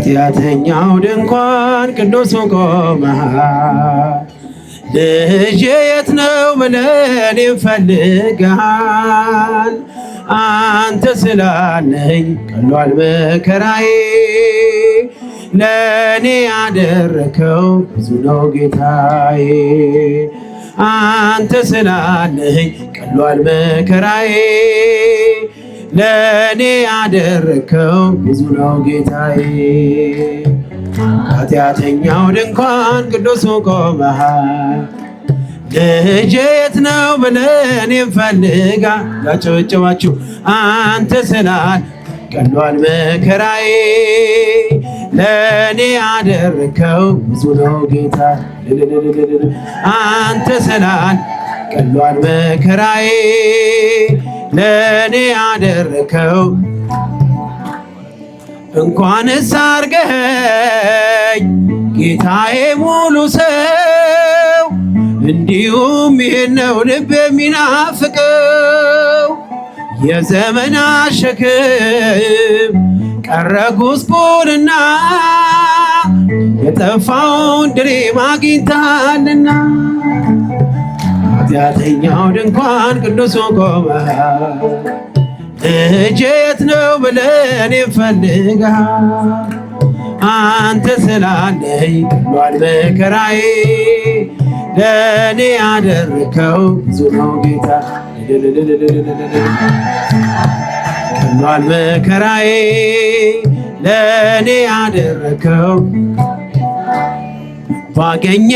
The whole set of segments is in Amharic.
ኃጢአተኛው ድንኳን ቅዱስ ቆመሃል። ልጄ የት ነው ብለን ይፈልጋል። አንተ ስላለኝ ቀሏል መከራዬ። ለእኔ ያደረከው ብዙ ነው ጌታዬ። አንተ ስላለኝ ቀሏል መከራዬ ለእኔ ያደረከው ብዙ ነው ጌታዬ። ከኃጢአተኛው ድንኳን ቅዱሱ ቆመሃል። ልጄ የት ነው ብለህ እኔን ፈልጋ ያጨበጨባችሁ አንተ ስላል ቀሏል መከራዬ ለእኔ ያደረከው ብዙ ነው ጌታ አንተ ስላል ቀሏል መከራዬ ለእኔ አደረከው እንኳንስ አርገኸኝ ጌታዬ ሙሉ ሰው እንዲሁም ይህን ነው ልብ የሚናፍቀው የዘመና ሸክም ቀረ ጉስቁልና የጠፋውን ድሪም አግኝታልና። በኃጢአተኛው ድንኳን ቅዱሱ ቆመ። ልጄ የት ነው ብለን ይፈልጋ አንተ ስላለይ ቅሏል መከራዬ ለእኔ ያደረከው ብዙ ነው ጌታ ቅሏል መከራዬ ለእኔ ያደረከው ባገኘኝ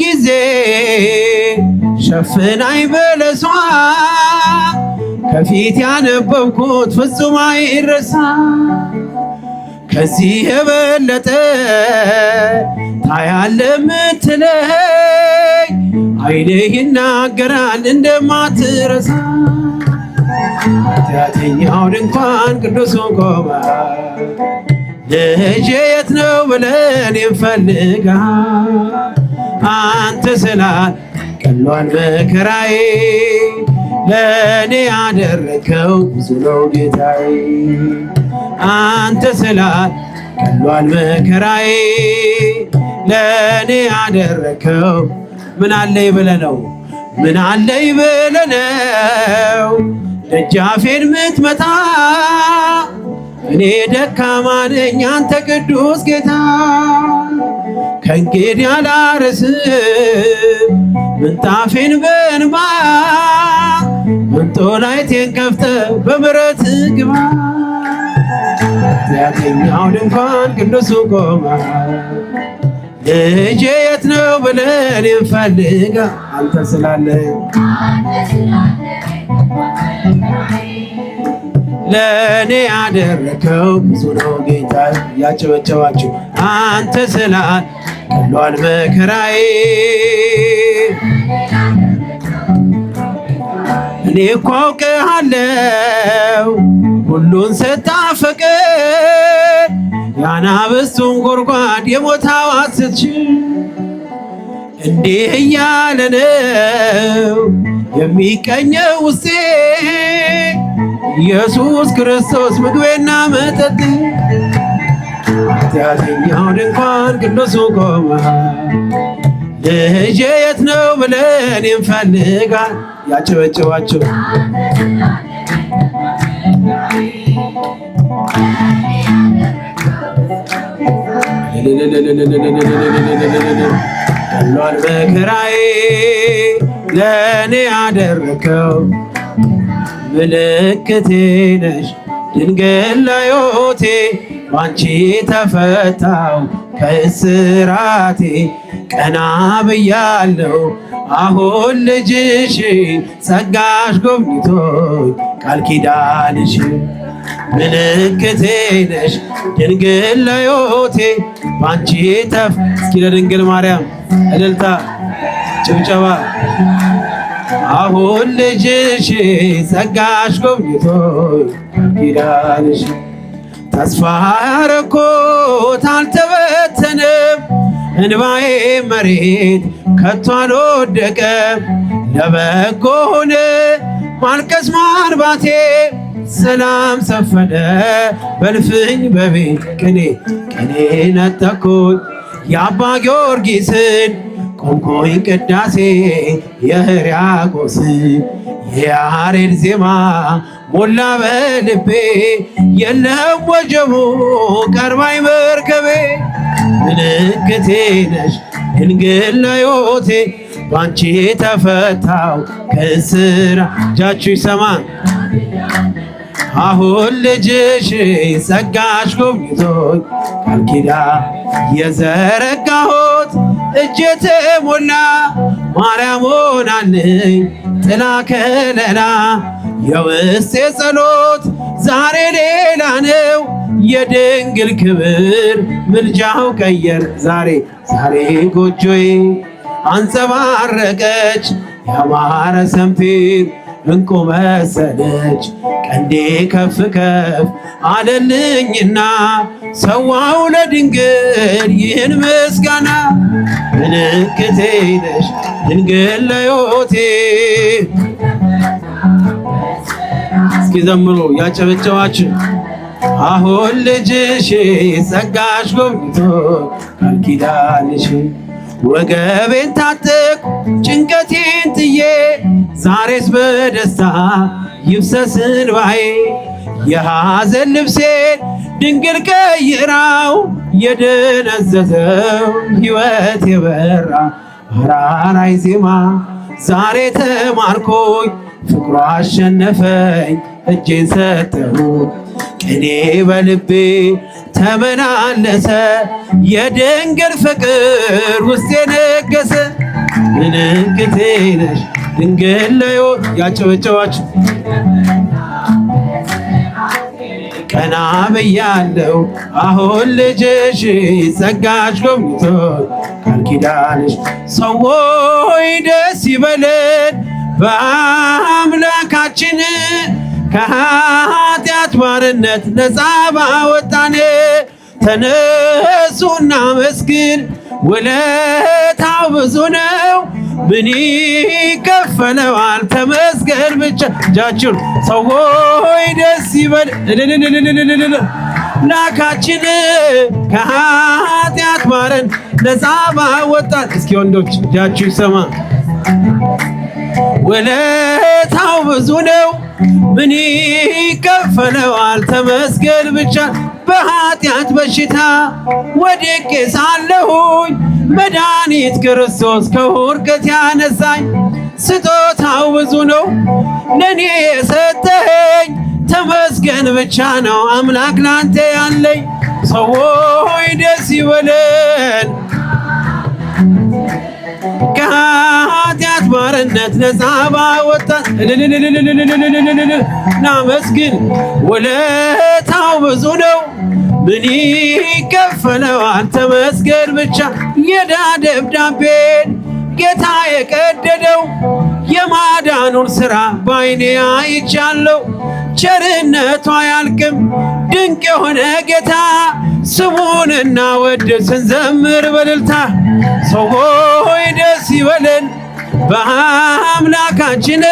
ጊዜ ሸፍናይ በለሷ ከፊት ያነበብኩት ፍጹም አይረሳ። ከዚህ የበለጠ ታያለ ምትለይ አይንህ ይናገራል እንደማትረሳ። ኃጢአተኛው ድንኳን ቅዱሱን ቆመ ልጄ የት ነው ብለን እንፈልጋ አንተ ስላል ቀሏል መከራዬ ለእኔ ያደረከው ብዙ ነው ጌታዬ አንተ ስላል ቀሏል መከራዬ ለእኔ ያደረከው ምን አለኝ ብለህ ነው ምን አለኝ ብለህ ነው ደጃፌን ምትመታ እኔ ደካማ ነኝ አንተ ቅዱስ ጌታ ከእንግዲህ አላርስም ምንጣፌን በእንባ ወንጦላይቴን ከፍተህ በምሕረትህ ግባ። ኃጢአተኛው ድንኳን ቅዱሱ ቆመ ልጄ የት ነው ብለን እንፈልጋ አንተ ስላለህ ለእኔ ያደረከው ብዙ ነው ጌታ። ያጨበጨባችሁ አንተ ስላል ቀሏል መከራዬ። እኔ እኮ አውቅሃለሁ ሁሉን ስታፈቅር የአናብስቱን ጉድጓድ የሞት አዋጅ ስትሽር እንዲህ እያለ ነው የሚቀኘው ውስጤ ኢየሱስ ክርስቶስ ምግቤና መጠጥ ኃጢአተኛው ድንኳን ቅዱሱ ቆመ ልጄ የት ነው ብለን እንፈልጋል ያጨበጨባቸው ቀሏል መከራዬ ለእኔ አደረከው ምልክቴ ነሽ ድንግል ላዮቴ ባንቺ ተፈታው ከእስራቴ ቀና ብያለው አሁን ልጅሽ ጸጋሽ ጎብኝቶኝ ቃል ኪዳንሽ ምልክቴ ነሽ ድንግል ላዮቴ ባንቺ ተፍ እስኪ ለድንግል ማርያም እልልታ ጭብጨባ አሁን ልጅሽ ጸጋሽ ጎብኝቶ ኪዳንሽ ተስፋ ያረኩት አልተበተንም እንባዬ መሬት ከቶ አልወደቀም። ለበጎ ሆነ ማልቀስ ማንባቴ ሰላም ሰፈነ በልፍኝ በቤት ቅኔ ቅኔ ነጠኩኝ የአባ ጊዮርጊስን ቆንቆይ ቅዳሴ የሕርያቆስ የያሬድ ዜማ ሞላ በልቤ የለም ወጀቡ ቀርባይ መርከቤ ምልክቴ ነሽ ድንግል ናዮቴ ባንቺ ተፈታው ከእስር እጃችሁ ይሰማ አሁን ልጅሽ ጸጋሽ ጎብኝቶኝ ቃል ኪዳን የዘረጋሁት እጄ ተሞላ ማርያም ሆናነኝ ጥላ ከለላ የውስጤ ጸሎት ዛሬ ሌላ ነው የድንግል ክብር ምልጃው ቀየር ዛሬ ዛሬ ጎጆዬ አንጸባረቀች ያማረ ሰንፔር እንቁ መሰለች ቀንዴ ከፍ ከፍ አለልኝና ሰዋው ለድንግል ይህን ምስጋና ምልክቴ ነሽ ድንግል ለዮቴ። እስኪ ዘምሮ ያጨበጨባችሁ አሁን ልጅሽ ጸጋሽ ጎብኝቶ ቃል ኪዳንሽ ወገቤን ታጠቅ ጭንቀቴን ጥዬ ዛሬስ በደስታ ይብሰስን ባይ የሐዘን ልብሴን ድንግል ቀይራው የደነዘዘው ሕይወት የበራ አራራይ ዜማ ዛሬ ተማርኮኝ ፍቅሮ አሸነፈኝ እጄን ሰጠሁ ቅኔ በልቤ ተመላለሰ የድንግል ፍቅር ውስጤ ነገሰ ምንክቴ ነሽ ድንግል ለዮት ያጨበጨባች ቀና ብያለው አሁን ልጅሽ ጸጋሽ ጎብኝቶ ቃል ኪዳንሽ ሰዎች ደስ ይበለን በአምላካችን ከኃጢአት ባርነት ነፃ ባወጣን ተነሱና መስግን ውለታው ብዙ ነው። ምን ይከፈለዋል? ተመስገን ብቻ። እጃችሁን ሰዎች ደስ ይበል ላካችን ከኃጢአት ማረን ነፃ ባወጣን። እስኪ ወንዶች እጃችሁ ይሰማ። ውለታው ብዙ ነው፣ ምን ይከፈለዋል? ተመስገን ብቻ። በኃጢአት በሽታ ወድቄ ሳለሁኝ መድኃኒት ክርስቶስ ከውርቀት ያነሳኝ ስጦታው ብዙ ነው ለእኔ የሰጠኸኝ ተመስገን ብቻ ነው አምላክ ላንተ ያለኝ። ሰዎይ ደስ ይበለን ከኃጢአት ባርነት ነፃ ባወጣን ናመስግን ውለታው ብዙ ነው ምን ይከፈለዋል ተመስገን ብቻ የዳ ደብዳቤን ጌታ የቀደደው የማዳኑን ሥራ ባይኔ አይቻለሁ። ቸርነቱ አያልቅም ድንቅ የሆነ ጌታ ስሙን እናወድስ እንዘምር በልልታ ሰው ሆይ ደስ ይበለን በአምላካችን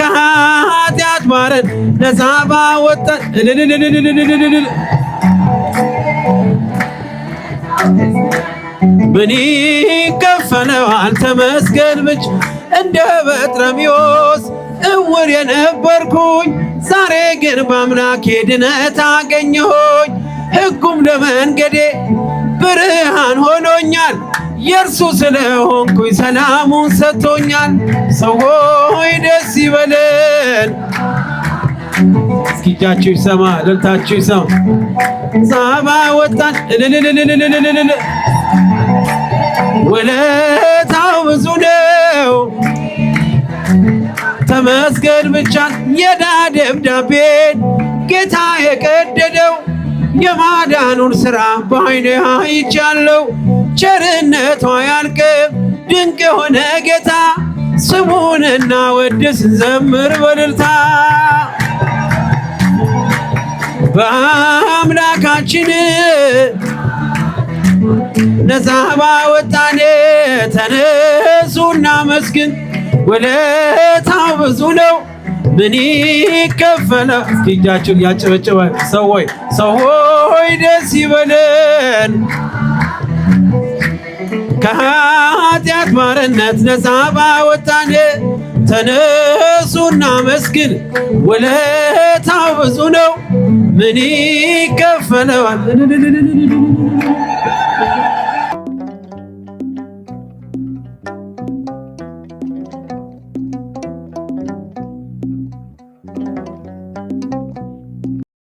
ከኃጢአት ማረን ነፃ ባወጣን ምን ይከፈለዋል ተመስገን ብቻ። እንደ በጥረሚዎስ እውር የነበርኩኝ ዛሬ ግን በአምላኬ ድነት አገኘሁኝ። ሕጉም ለመንገዴ ብርሃን ሆኖኛል። የእርሱ ስለሆንኩኝ ሰላሙን ሰጥቶኛል። ሰው ሆይ ደስ ይበለን። እስኪ እጃችሁ ይሰማ፣ እልልታችሁ ይሰማ። ሳባ ወጣች እልልልልልልልል ውለታው ብዙ ነው ተመስገን ብቻ የዳ ደብዳቤን ጌታ የቀደደው የማዳኑን ሥራ በዓይኔ አይቻለሁ። ቸርነቷ ያልቅም ድንቅ የሆነ ጌታ ስሙን እናወድስ ዘምር በልልታ በአምላካችን ነፃ ባወጣን ተነሱና መስግን። ውለታው ብዙ ነው ምን ይከፈለ እስኪ እጃችሁን ያጨበጨባል። ሰዎች ሰዎይ ደስ ይበለን ከኃጢአት ባርነት ነፃ ባወጣን ተነሱና መስግን። ውለታው ብዙ ነው ምን ይከፈለዋል?